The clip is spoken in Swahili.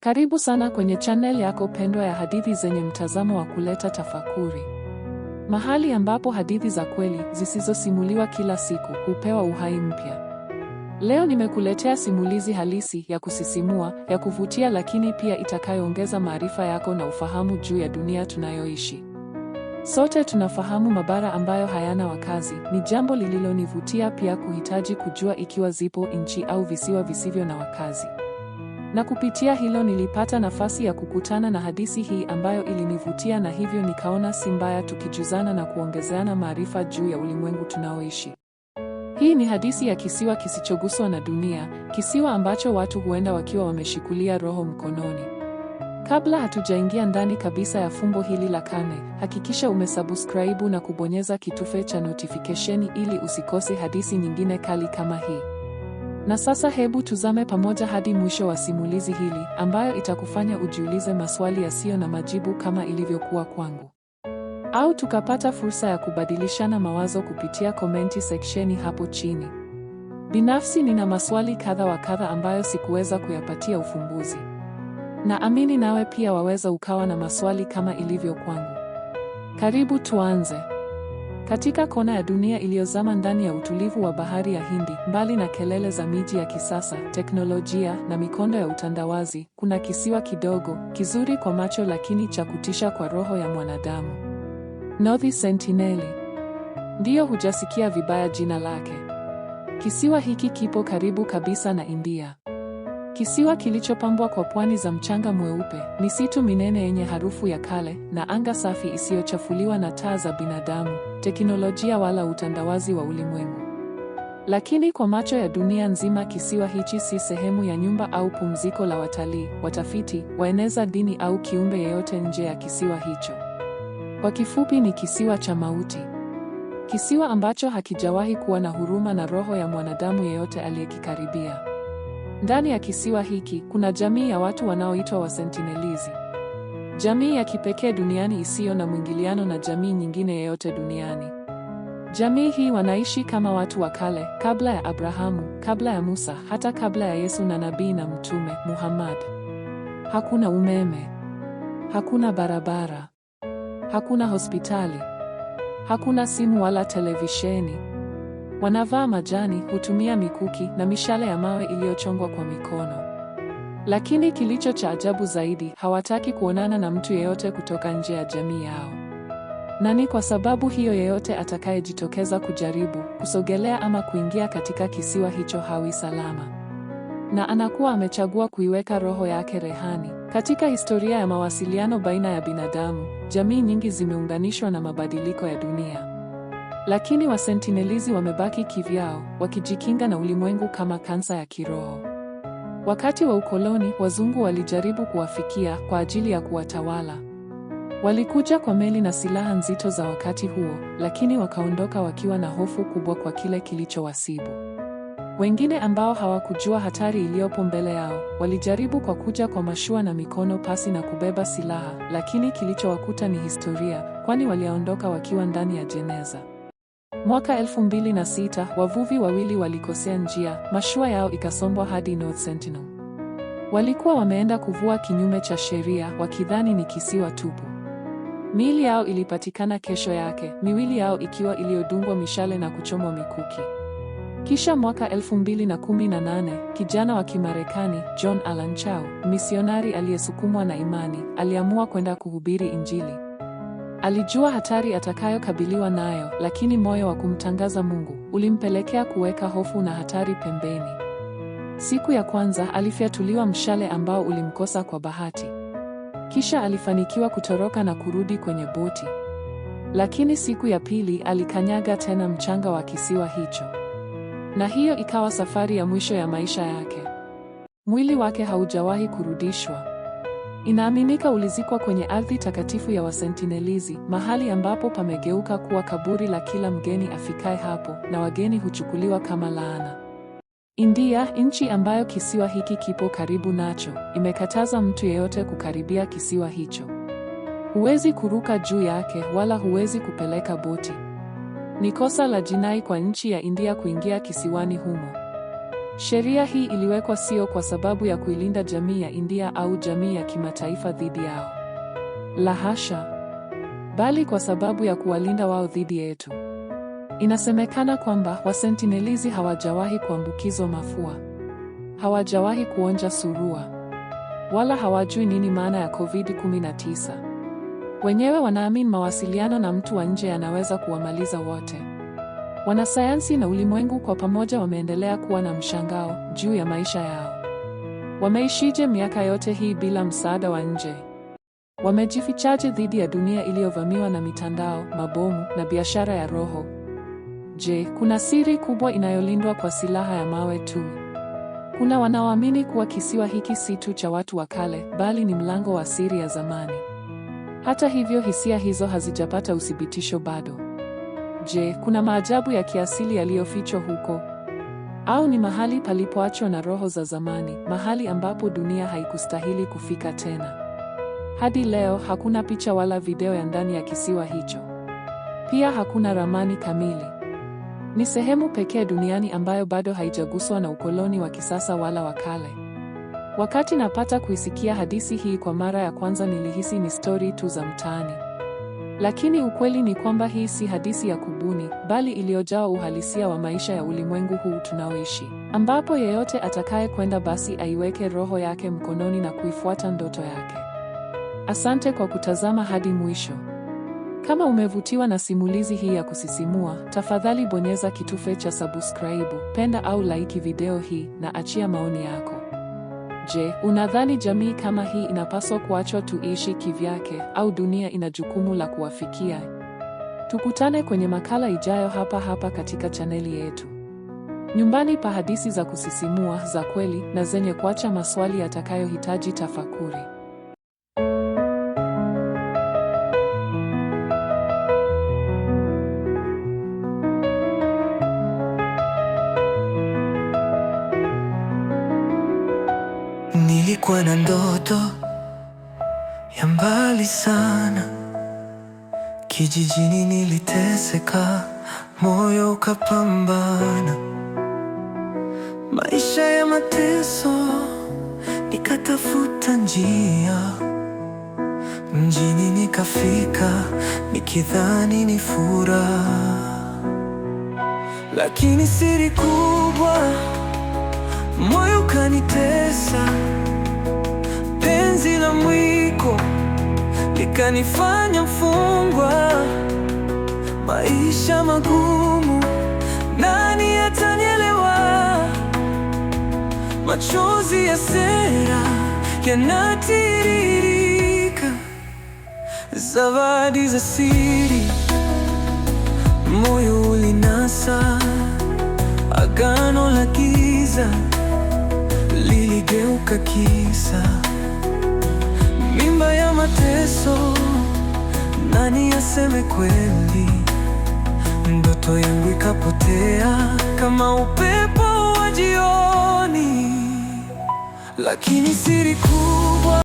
Karibu sana kwenye channel yako pendwa ya hadithi zenye mtazamo wa kuleta tafakuri, mahali ambapo hadithi za kweli zisizosimuliwa kila siku hupewa uhai mpya. Leo nimekuletea simulizi halisi ya kusisimua, ya kuvutia, lakini pia itakayoongeza maarifa yako na ufahamu juu ya dunia tunayoishi. Sote tunafahamu mabara ambayo hayana wakazi. Ni jambo lililonivutia pia kuhitaji kujua ikiwa zipo nchi au visiwa visivyo na wakazi. Na kupitia hilo nilipata nafasi ya kukutana na hadithi hii ambayo ilinivutia na hivyo nikaona si mbaya tukijuzana na kuongezeana maarifa juu ya ulimwengu tunaoishi. Hii ni hadithi ya kisiwa kisichoguswa na dunia, kisiwa ambacho watu huenda wakiwa wameshikulia roho mkononi. Kabla hatujaingia ndani kabisa ya fumbo hili la kane, hakikisha umesubscribe na kubonyeza kitufe cha notification ili usikose hadithi nyingine kali kama hii. Na sasa hebu tuzame pamoja hadi mwisho wa simulizi hili ambayo itakufanya ujiulize maswali yasiyo na majibu kama ilivyokuwa kwangu. Au tukapata fursa ya kubadilishana mawazo kupitia komenti seksheni hapo chini. Binafsi nina maswali kadha wa kadha ambayo sikuweza kuyapatia ufumbuzi. Naamini nawe pia waweza ukawa na maswali kama ilivyo kwangu. Karibu tuanze. Katika kona ya dunia iliyozama ndani ya utulivu wa bahari ya Hindi, mbali na kelele za miji ya kisasa, teknolojia na mikondo ya utandawazi, kuna kisiwa kidogo, kizuri kwa macho lakini cha kutisha kwa roho ya mwanadamu. North Sentineli. Ndiyo, hujasikia vibaya jina lake. Kisiwa hiki kipo karibu kabisa na India. Kisiwa kilichopambwa kwa pwani za mchanga mweupe, misitu minene yenye harufu ya kale na anga safi isiyochafuliwa na taa za binadamu, teknolojia wala utandawazi wa ulimwengu. Lakini kwa macho ya dunia nzima, kisiwa hichi si sehemu ya nyumba au pumziko la watalii, watafiti, waeneza dini au kiumbe yeyote nje ya kisiwa hicho. Kwa kifupi, ni kisiwa cha mauti. Kisiwa ambacho hakijawahi kuwa na huruma na roho ya mwanadamu yeyote aliyekikaribia. Ndani ya kisiwa hiki kuna jamii ya watu wanaoitwa Wasentinelizi, jamii ya kipekee duniani isiyo na mwingiliano na jamii nyingine yoyote duniani. Jamii hii wanaishi kama watu wa kale, kabla ya Abrahamu, kabla ya Musa, hata kabla ya Yesu na nabii na mtume Muhammad. Hakuna umeme, hakuna barabara, hakuna hospitali, hakuna simu wala televisheni. Wanavaa majani, hutumia mikuki na mishale ya mawe iliyochongwa kwa mikono. Lakini kilicho cha ajabu zaidi, hawataki kuonana na mtu yeyote kutoka nje ya jamii yao. Na ni kwa sababu hiyo, yeyote atakayejitokeza kujaribu kusogelea ama kuingia katika kisiwa hicho hawi salama, na anakuwa amechagua kuiweka roho yake rehani. Katika historia ya mawasiliano baina ya binadamu, jamii nyingi zimeunganishwa na mabadiliko ya dunia. Lakini wasentinelizi wamebaki kivyao, wakijikinga na ulimwengu kama kansa ya kiroho. Wakati wa ukoloni, wazungu walijaribu kuwafikia kwa ajili ya kuwatawala. Walikuja kwa meli na silaha nzito za wakati huo, lakini wakaondoka wakiwa na hofu kubwa kwa kile kilichowasibu. Wengine ambao hawakujua hatari iliyopo mbele yao, walijaribu kwa kuja kwa mashua na mikono pasi na kubeba silaha, lakini kilichowakuta ni historia, kwani waliondoka wakiwa ndani ya jeneza. Mwaka 2006 wavuvi wawili walikosea njia, mashua yao ikasombwa hadi North Sentinel. Walikuwa wameenda kuvua kinyume cha sheria, wakidhani ni kisiwa tupu. Miili yao ilipatikana kesho yake, miwili yao ikiwa iliyodungwa mishale na kuchomwa mikuki. Kisha mwaka 2018 kijana wa Kimarekani John Alan Chau, misionari aliyesukumwa na imani, aliamua kwenda kuhubiri Injili. Alijua hatari atakayokabiliwa nayo, lakini moyo wa kumtangaza Mungu ulimpelekea kuweka hofu na hatari pembeni. Siku ya kwanza alifyatuliwa mshale ambao ulimkosa kwa bahati. Kisha alifanikiwa kutoroka na kurudi kwenye boti. Lakini siku ya pili alikanyaga tena mchanga wa kisiwa hicho. Na hiyo ikawa safari ya mwisho ya maisha yake. Mwili wake haujawahi kurudishwa. Inaaminika ulizikwa kwenye ardhi takatifu ya Wasentinelizi, mahali ambapo pamegeuka kuwa kaburi la kila mgeni afikaye hapo, na wageni huchukuliwa kama laana. India, nchi ambayo kisiwa hiki kipo karibu nacho, imekataza mtu yeyote kukaribia kisiwa hicho. Huwezi kuruka juu yake wala huwezi kupeleka boti. Ni kosa la jinai kwa nchi ya India kuingia kisiwani humo. Sheria hii iliwekwa sio kwa sababu ya kuilinda jamii ya India au jamii ya kimataifa dhidi yao. La hasha. Bali kwa sababu ya kuwalinda wao dhidi yetu. Inasemekana kwamba wasentinelizi hawajawahi kuambukizwa mafua. Hawajawahi kuonja surua. Wala hawajui nini maana ya COVID-19. Wenyewe wanaamini mawasiliano na mtu wa nje yanaweza kuwamaliza wote. Wanasayansi na ulimwengu kwa pamoja wameendelea kuwa na mshangao juu ya maisha yao. Wameishije miaka yote hii bila msaada wa nje? Wamejifichaje dhidi ya dunia iliyovamiwa na mitandao, mabomu na biashara ya roho? Je, kuna siri kubwa inayolindwa kwa silaha ya mawe tu? Kuna wanaoamini kuwa kisiwa hiki si tu cha watu wa kale, bali ni mlango wa siri ya zamani. Hata hivyo, hisia hizo hazijapata uthibitisho bado. Je, kuna maajabu ya kiasili yaliyofichwa huko? Au ni mahali palipoachwa na roho za zamani, mahali ambapo dunia haikustahili kufika tena? Hadi leo hakuna picha wala video ya ndani ya kisiwa hicho. Pia hakuna ramani kamili. Ni sehemu pekee duniani ambayo bado haijaguswa na ukoloni wa kisasa wala wa kale. Wakati napata kuisikia hadithi hii kwa mara ya kwanza, nilihisi ni stori tu za mtaani. Lakini ukweli ni kwamba hii si hadithi ya kubuni, bali iliyojaa uhalisia wa maisha ya ulimwengu huu tunaoishi, ambapo yeyote atakaye kwenda basi aiweke roho yake mkononi na kuifuata ndoto yake. Asante kwa kutazama hadi mwisho. Kama umevutiwa na simulizi hii ya kusisimua, tafadhali bonyeza kitufe cha subscribe, penda au like video hii na achia maoni yako. Je, unadhani jamii kama hii inapaswa kuachwa tuishi kivyake au dunia ina jukumu la kuwafikia? Tukutane kwenye makala ijayo hapa hapa katika chaneli yetu. Nyumbani pa hadithi za kusisimua, za kweli na zenye kuacha maswali yatakayohitaji tafakuri. Nilikuwa na ndoto ya mbali sana, kijijini niliteseka, moyo ukapambana, maisha ya mateso, nikatafuta njia, mjini nikafika, nikidhani ni furaha, lakini siri kubwa, moyo ukanitesa ikanifanya mfungwa, maisha magumu, nani atanielewa? Machozi ya sera yanatiririka, zawadi za siri, moyo ulinasa, agano la giza liligeuka kisa mateso, nani aseme kweli? Ndoto yangu ikapotea kama upepo wa jioni, lakini siri kubwa